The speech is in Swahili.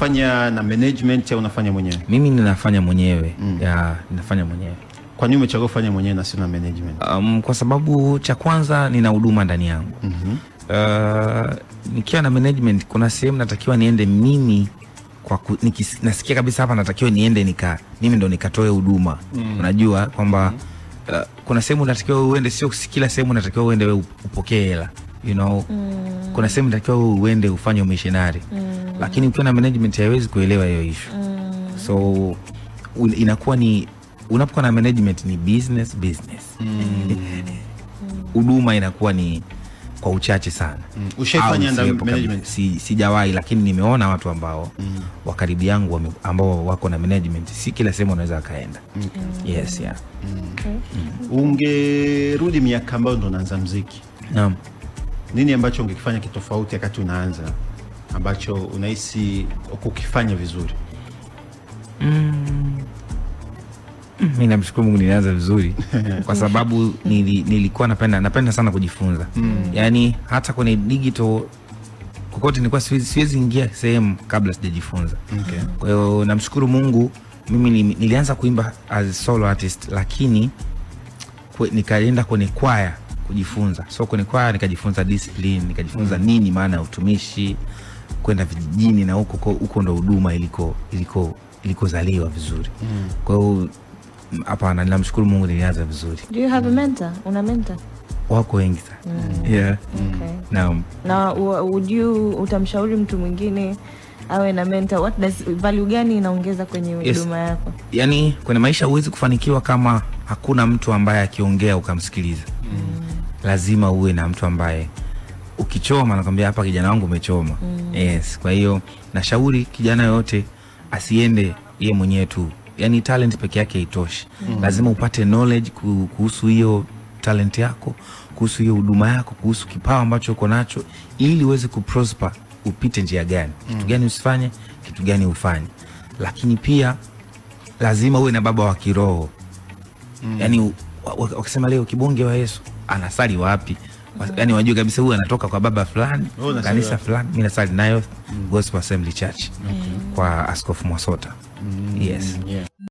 unafanya na management au unafanya mwenyewe? Mimi ninafanya mwenyewe mm. ya, ninafanya mwenyewe. Kwa nini umechagua kufanya mwenyewe na sio na management? Um, kwa sababu cha kwanza nina huduma ndani yangu mm -hmm. Uh, nikiwa na management kuna sehemu natakiwa niende mimi kwa ku, nikis, nasikia kabisa hapa natakiwa niende nika mimi ndo nikatoe huduma mm. Unajua kwamba mm -hmm. uh, kuna sehemu natakiwa uende, sio kila sehemu natakiwa uende wewe upokee hela you know mm mm. kuna sehemu takiwa uende ufanye umishonari mm. lakini ukiwa na management haiwezi kuelewa hiyo ishu mm. so inakuwa ni unapokuwa na management ni business business mm. huduma mm. inakuwa ni kwa uchache sana mm. Ushaifanya under management? Si, lakini nimeona watu ambao mm. wa karibu yangu ambao wako na management, si kila sehemu wanaweza wakaenda. mm. mm. Yes, yeah. mm. mm. Ungerudi miaka ambayo ndo unaanza mziki, naam nini ambacho ungekifanya kitofauti wakati unaanza ambacho unahisi kukifanya vizuri? Mm. Mi namshukuru Mungu nilianza vizuri kwa sababu nili, nilikuwa napenda napenda sana kujifunza mm. Yaani hata kwenye digital kokote nilikuwa siwezi, ingia sehemu kabla sijajifunza. Okay. Kwa hiyo namshukuru Mungu mimi nilianza kuimba as solo artist, lakini kwe, nikaenda kwenye kwaya kujifunza. So kwenye kwaya nikajifunza discipline, nikajifunza mm. nini maana ya utumishi, kwenda vijijini na huko huko ndo huduma iliko iliko ilikozaliwa vizuri mm. kwa hiyo hapana, namshukuru Mungu nilianza vizuri. Do you have a mentor? Una mentor? Wako wengi sana mm. yeah. okay. Mm. Na would you utamshauri mtu mwingine awe na mentor? What does value gani inaongeza kwenye huduma yes. yako? Yani kwenye maisha huwezi kufanikiwa kama hakuna mtu ambaye akiongea ukamsikiliza mm lazima uwe na mtu ambaye ukichoma nakwambia hapa kijana wangu umechoma. mm. Yes, kwa hiyo nashauri kijana yoyote asiende yeye mwenyewe tu, yani talent peke yake haitoshi. mm. Lazima upate knowledge kuhusu hiyo talent yako, kuhusu hiyo huduma yako, kuhusu kipawa ambacho uko nacho, ili uweze kuprosper, upite njia gani, mm. kitu gani usifanye, kitu gani ufanye. Lakini pia lazima uwe na baba wa kiroho. mm. Yani wakisema leo kibonge wa Yesu anasali wapi yaani wajue kabisa huyu anatoka kwa baba fulani oh, kanisa fulani. Mimi nasali nayo mm. Gospel Assembly Church kwa Askofu Mwasota. Mm, yes.